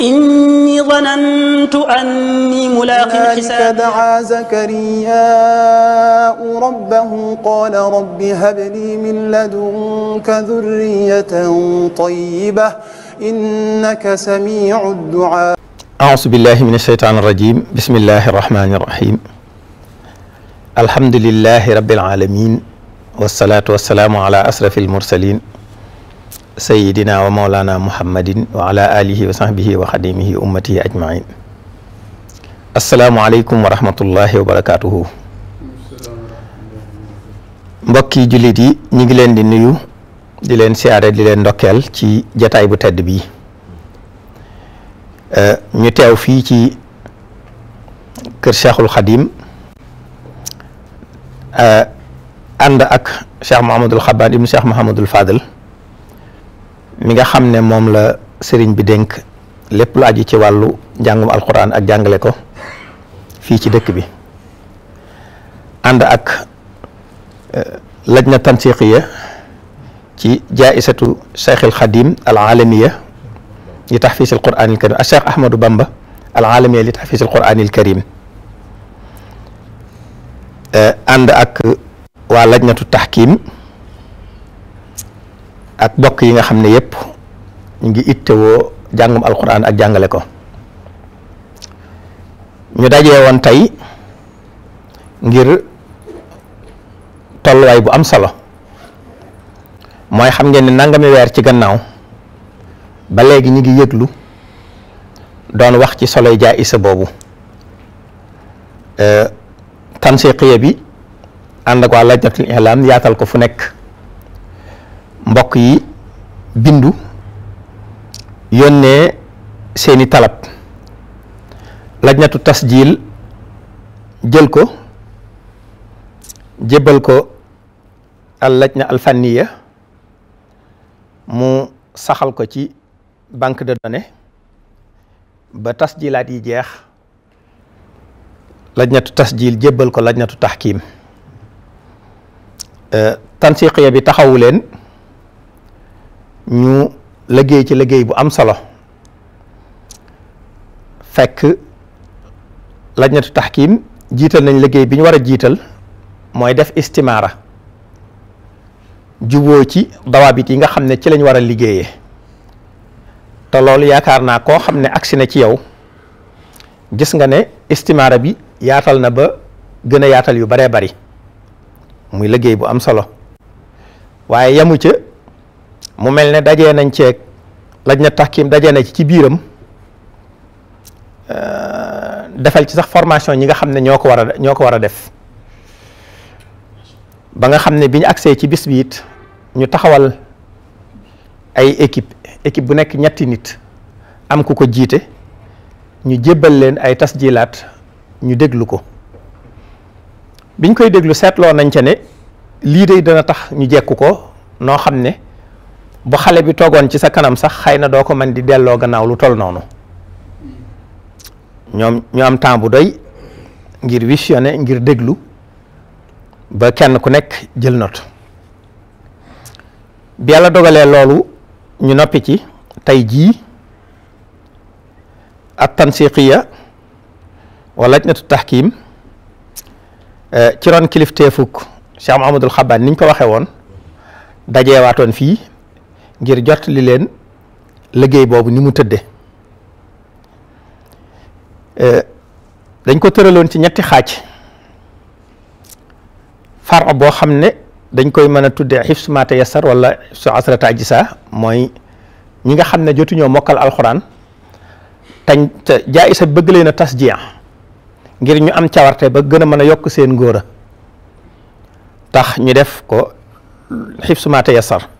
إني ظننت أني ملاق الحساب دعا زكرياء ربه قال رب هب لي من لدنك ذرية طيبة إنك سميع الدعاء أعوذ بالله من الشيطان الرجيم بسم الله الرحمن الرحيم الحمد لله رب العالمين والصلاة والسلام على أشرف المرسلين sayidina wa maulana muhammadin wa ala alihi wa sahbihi wa xadimihi ummatihi ajmain asalaamualeykum wa rahmatullahi wa barakatuhu mbokki jullit yi ñu ngi leen di nuyu di leen siyaare di leen ndokkeel ci jataay bu tedd bi eh, ñu teew fii ci kër cheikhul xadim eh, ànd ak cheikh mahamadul xabaan ibnu cheikh mahamadul fadal mi nga xamne ne la serigne bi denk lepp lu aji ci walu jangum alquran ak jangale ko fi ci dekk bi and ak euh, lajna tansiqiya ci jaisatu cheikh al xadim al alamiya li tahfiz al quran al karim al cheikh ahmad bamba al alamiya li tahfiz al quran al karim and euh, ak wa lajnatu tahkim ak bokk yi nga xamne yépp ñu ngi wo jangum alquran ak jangalé ko ñu dajé won tay ngir tolluwaay bu am solo moy xam ngeen ni nangami wër ci gannaaw ba légui ñi ngi yeglu doon wax ci solo jaay isa euh tansiqiya bi ànd ak waa lajnatul i'lam yaatal ko fu nek mbokk yi bindu yonne seni talab lajnatu tasjil jël ko jébbal ko al lajna al fanniya mu saxal ko ci banque de données ba tasjilat yi jeex lajnatu tasjil jébbal ko lajnatu tahkim euh, tansiqiya bi taxawulen ñu liggéey ci liggéey bu am solo fekk lajnatu tahkim jiital nañ liggéey bi ñu war a jiital mooy def istimaara juboo ci dawabit yi nga xam ne ci lañ war a liggéeyee te loolu yaakaar naa koo na ci yow gis nga ne istimaara bi yaatal na ba gën a yaatal yu baree bari muy liggéey bu am solo waaye yamu ca mu mel ne dajee nañ ceeg laj na kiim dajee na ci ci biiram euh, defal ci sax formation ñi nga xam ne ñoo ko war a ñoo ko war a def ba nga xam ne bi ñu agsee ci bis bi it ñu taxawal ay équipe équipe bu nekk ñetti nit am ku ko jiite ñu jébbal leen ay tas jilaat ñu déglu ko biñ koy déglu seetloo nañ ca ne lii day dana tax ñu jekk ko noo xam ne bu xale bi toogoon ci sa kanam sax xëy na doo ko mën di delloo gannaaw lu tol noonu ñoom ñu am temps bu doy ngir visionné ngir déglu ba kenn ku nekk jël note bi yàlla dogalee loolu ñu noppi ci tey jii at tansiqiya wala lajnatu tahkim eh, ci ron kilifteefuk Cheikh Mahamadul Xabaan ni ñu ko waxee woon dajeewaatoon fii ngir jot leen liggéey boobu ni mu tëdde euh, dañ ko tëraloon ci ñetti xaaj far boo xam ne dañ koy mën a tuddee xifs ma tayassar wala xifsu asrata ajisa mooy ñi nga xam ne jotuñoo mokkal alxuraan tañ te jaayisa bëgg leen a tas jiyan ngir ñu am cawarte ba gën a mën a yokk seen ngóora tax ñu def ko xifsu ma yasar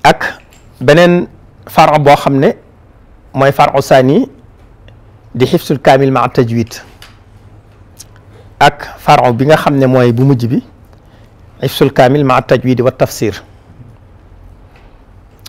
ak beneen far boo xam ne mooy faru saani di xifsul kaamil ma tajwid ak faru bi nga xam ne mooy bu mujj bi xifsul kaamil ma tajwid wa tafsir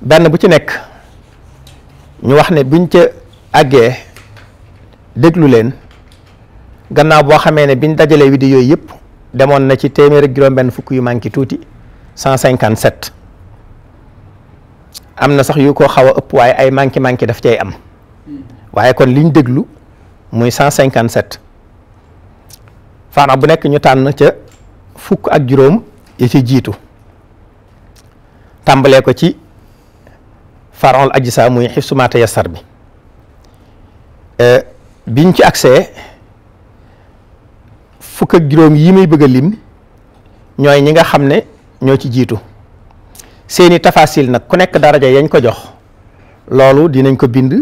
benn bu ci nekk ñu wax ne buñ ca àggee déglu leen gannaaw boo xamee ne biñ dajalee vidéo yooyu yëpp demoon na ci téeméer ak benn fukk yu manqué tuuti am na sax yu ko xaw a ëpp waaye ay manqué manqué def cey am waaye kon liñ déglu muy 157 faana bu nekk ñu tànn ca fukk ak juróom yi ci jiitu tàmbalee ko ci faral ajisa muy xifsumaata yasar bi euh, biñ ci accès fukk ak juróom yi may bëgg a lim ñooy ñi nga xam ne ñoo ci jiitu seeni tafasil nag ku nekk daraja yañ ko jox loolu dinañ ko bind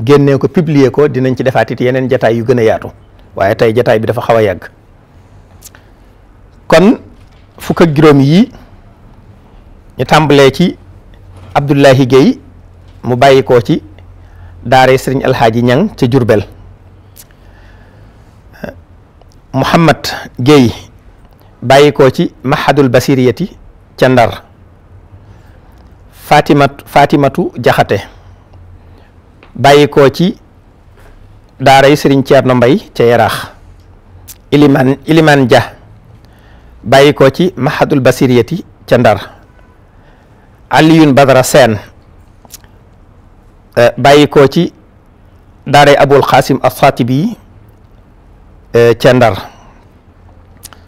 génnee ko publier ko dinañ ci defaat yeneen jataay yu gën a yaatu waaye tey jataay bi dafa xaw a yàgg kon fukk ak juróom yi ñu tàmbalee ci Abdoulahi Guèye mu bàyyi ko ci daare sëriñ alxaaji ñang ca Jurbel Mouhamad Guèye bàyyi ko ci Mahadul Basiriyati ca Ndar Fatimatu Fatimatu Jaxate bàyyi ci daara yi Serigne Thierno Mbaye ca Yaraax Iliman Iliman Dia bàyyi ci Mahadul Basiriyati ca Ndar Aliyun Badara Seen eh, bàyyi ci daara yi Abul Xaasim Asatibi eh, Ndar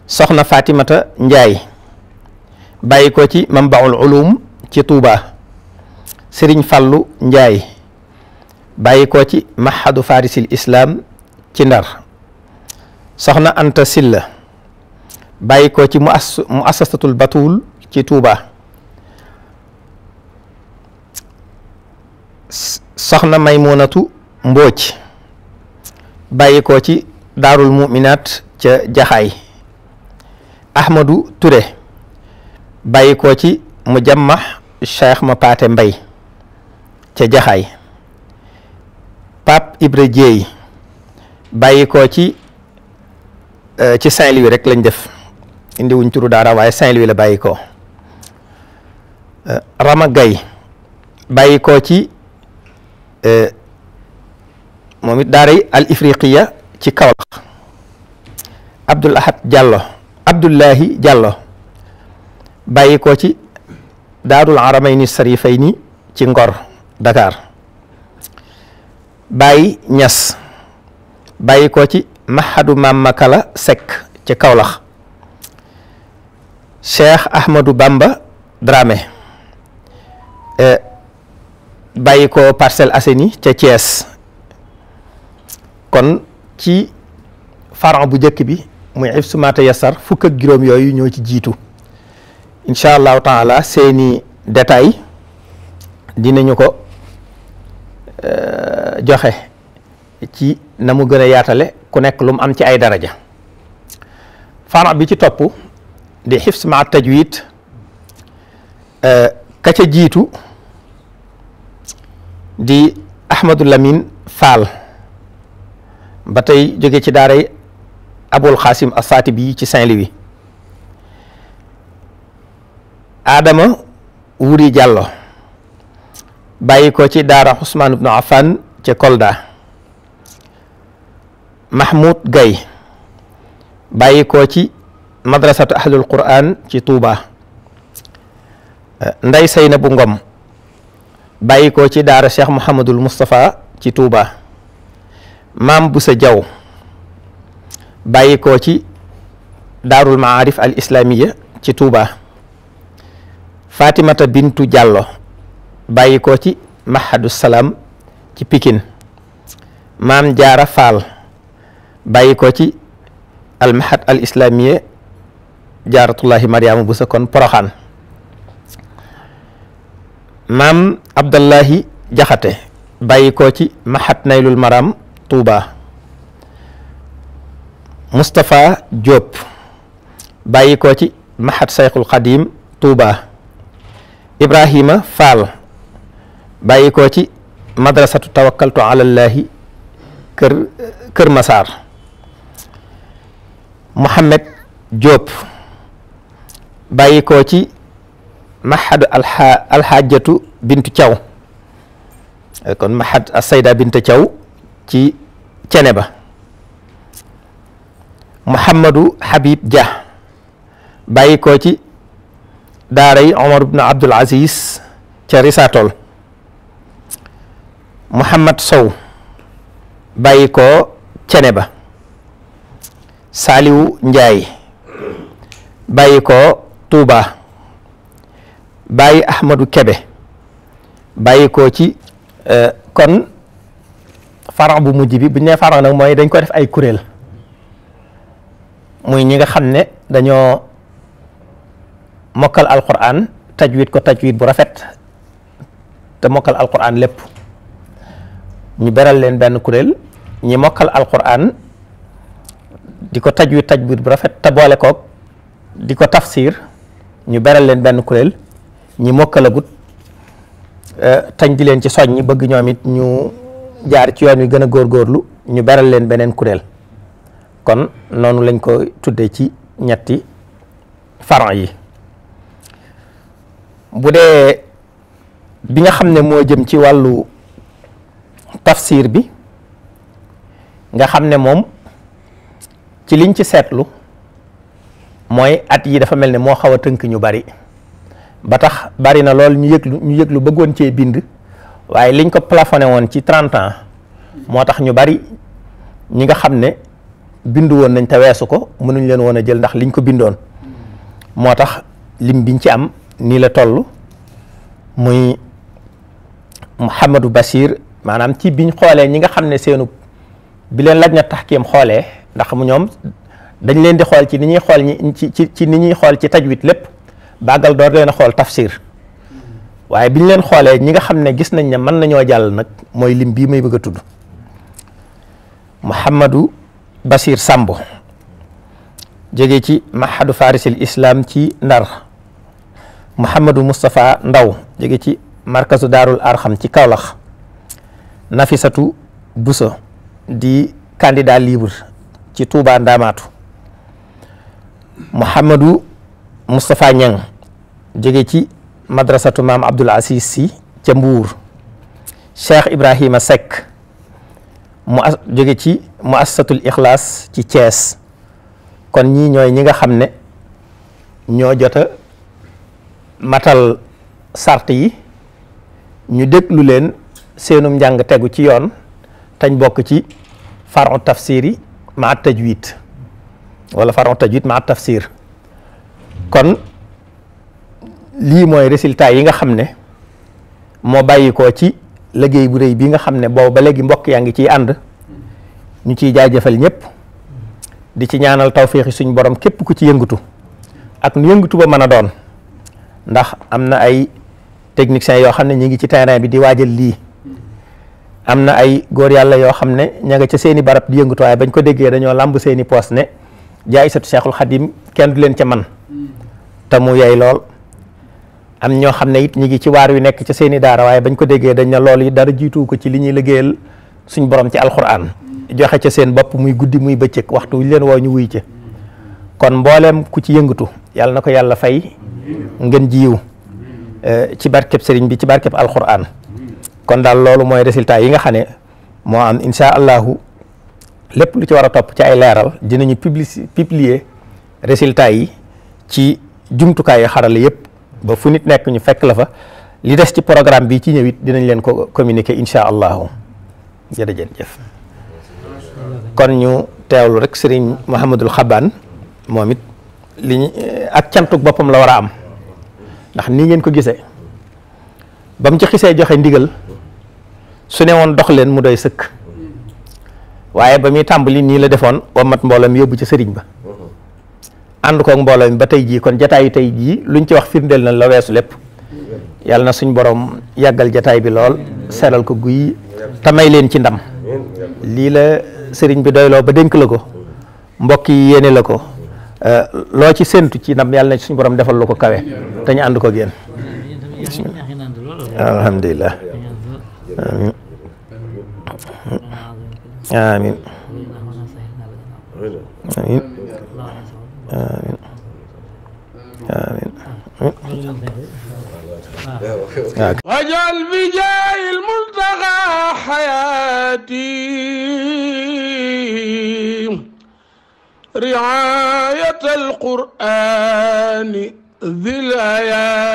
soxna Fatimata Njaay bàyyi ko ci Mambaul Ulum ci Touba Serigne Fallou njaay bàyyi ko ci mahadu farisil islam ci Ndar soxna Anta Silla bàyyi ko ci mu as mu asasatul Batuul ci Touba soxna Maymunatu Mbóoj bàyyi ko ci daarul muminaat ca Jaxaay Ahmadou Touré bàyyi ko ci mu jàmmax cheikh ma paate mbay ca jaxaay pape ibra jéey bàyyi ci euh, ci Saint-Louis rek lañ def indi wuñ turu daara waaye Saint-Louis la bàyyi ko euh, Rama Gay bàyyi ci euh, moom it daaray al ifriqiya ci Kaolack Abdoul Ahad Diallo Abdullahi Diallo bàyyi ci darul aramayni sarifayni ci ngor dakar Bayi ñas bayi ko ci mahadu mamakala sek ci kaolax cheikh ahmadou bamba dramé e bayi ko parcel aseni ci thiès kon ci faran bu jekk bi muy ifsumata yasar fukk ak girom yooyu ñoo ci jitu incha allahu taala seeni détail dinañu ko euh, joxe ci na mu gën a yaatale ku nekk lu am ci ay daraja fànn bi ci topp di xifs ma tajwid euh, ka jiitu di Ahmadou Lamine Fall ba tey jóge ci daaray Abul Xaasim Asaati bi ci Saint-Louis adama wuri jallo bayiko ci dara usman ibn affan ci kolda mahmoud gay bayiko koci ci madrasatu ahlul quran ci touba eh, nday sayna bu ngom bayiko ci dara cheikh mohammedul mustafa ci touba mam bu jaw ci darul maarif al islamiyya ci touba fatimata bintu jàllo bàyyi ko ci mahadu salaam ci pikin maam jaara faal bàyyi ko ci almahad al islamiye jaaratullahi mariama bu sa kon poroxaan maam abdallahi jaxate bàyyi ko ci mahad naylul maram tuuba mustafa jóob bàyyi ko ci mahad sayxul xadim tuuba Ibrahima Fall bàyyi ko ci madrasatu tawakkaltu alallaahi kër masar Masaar Mohamed Diop bàyyi ko ci mahadu bintu caw eh, kon mahad asayda bintu Thiaw ci cene ba Mouhamadou Habib Dia bàyyi daaray Omar ibn Abdul Aziz ca Risatol Mouhamad Sow bàyyi ko cene ba Saliou Ndiaye bàyyi ko Touba bàyyi Ahmadou Kebe bàyyi ko ci e, kon faran bu mujj bi bu ñu nee nag mooy dañ ko def ay kuréel muy ñi xam ne dañoo. mokal alquran tajwid ko tajwid bu rafet te mokal alquran lepp ñu beral leen ben kurel ñi mokal alquran diko tajwid tajwid bu rafet ta bolé ko diko tafsir ñu beral leen ben kurel ñi euh tañ di leen ci soññ bëgg ñomit ñu jaar ci yoon yu gëna gor gorlu ñu beral leen benen kurel kon nonu lañ ko tuddé ci ñetti faran yi bu dee bi nga xam ne moo jëm ci wàllu tafsir bi nga xam ne moom ci liñ ci seetlu mooy at yi dafa mel ne moo xaw a tënk ñu bari ba tax bari na lool ñu yëglu ñu yëglu bëggoon cee bind waaye liñ ko plafonné woon ci 30 ans moo tax ñu bari ñi nga xam ne bindu woon nañ te weesu ko mënuñ leen woon a jël ndax liñ ko bindoon moo tax lim biñ ci am nii la toll muy Mouhamadou basiir maanaam ci biñ xoolee ñi nga xam ne seenu bi leen laj na taxkiim xoolee ndax mu ñoom dañ leen di xool ci ni ñuy xool ñi ci ci ci ni ñuy xool ci tajwid lépp bàggal door leen a xool tafsir waaye bi ñu leen xoolee ñi nga xam ne gis nañ ne mën nañoo jàll nag mooy lim bii may bëgg a tudd Mouhamadou Bachir Sambo jóge ci Mahadu Farisil Islam ci Ndar Mouhamadou Moustapha Ndaw jóge ci markazu daarul arxam ci Kaolack Nafisatu Bousso di candidat libre ci Touba Ndamaatu Mouhamadou Moustapha Niang jóge ci madrasatu maam Abdoul Aziz ca Mbuur Cheikh Ibrahima Seck mu ci muassatul kon ñii ñooy ñi nga xam ne ñoo jota matal sart yi ñu déglu leen seenum njàng tegu ci yoon tañ bokk ci faron tafsir yi ma tajwid wala faron tajwid ma tafsir kon lii mooy résultat yi nga xam ne moo bàyyikoo ci liggéey bu rëy bi nga xam ne boobu ba léegi mbokk yaa ngi ciy ànd ñu ciy jaajëfal ñëpp di ci ñaanal tawféexi suñ borom képp ku ci yëngatu ak nu yëngatu ba mën a doon ndax amna ay techniciens yo xamne ne ñi ngi ci terrain bi di wajjal li amna ay goor yalla yo xamne ne ci seeni barap di yëngatu toy bañ ko déggee dañoo lamb seeni poste ne jaay satu Cheikhul Khadim kenn du len ci man ta mu yey lool am ño xamne ne it ñi ngi ci waar yu nekk ci seeni daara waye bañ ko déggee dañ ne lool yi dara jitu ko ci li ñi liggéeyal suñu borom ci alcorane joxe ci seen bop muy guddii muy beccëk waxtu li len woo ñu wuy ci kon mbollem ku ci yëngatu yalla nako yalla fay ngeen jiw eh, ci barkep serigne bi ci barkep alquran kon dal lolu moy resultat yi nga xane mo am insha allahu lepp lu ci wara top ci ay leral dinañu publier resultat yi ci kay xaral yep ba fu nit nek ñu fekk la fa li dess ci programme bi ci ñewit dinañ leen ko communiquer insha allahu jef kon ñu tewlu rek serigne mohammedul khaban moom it li ñu ak cantuk boppam la war a am ndax nii ngeen ko gisee ba mu ci xisee joxe ndigal su ne woon dox leen mu doy sëkk waaye ba muy tàmbali nii la defoon wamat mbooloo mi yóbbu ci sëriñ ba ànd koog mbooloo ba tey jii kon jataayu tey jii luñ ci wax firndeel na la weesu lépp yàlla na suñ boroom yàggal jataay bi lool seral ko guy te may leen ci ndam lii la sëriñ bi doyloo ba dénk la ko mbokk yi yéene la ko Eh, lo ci sentu ci nam yalla na suñu borom defal lu ko kawe te ñu ànd ko gën alhamdullilah amin amin amin amin آمين بجاي الملتقى حياتي رعاية القرآن ذي الآيات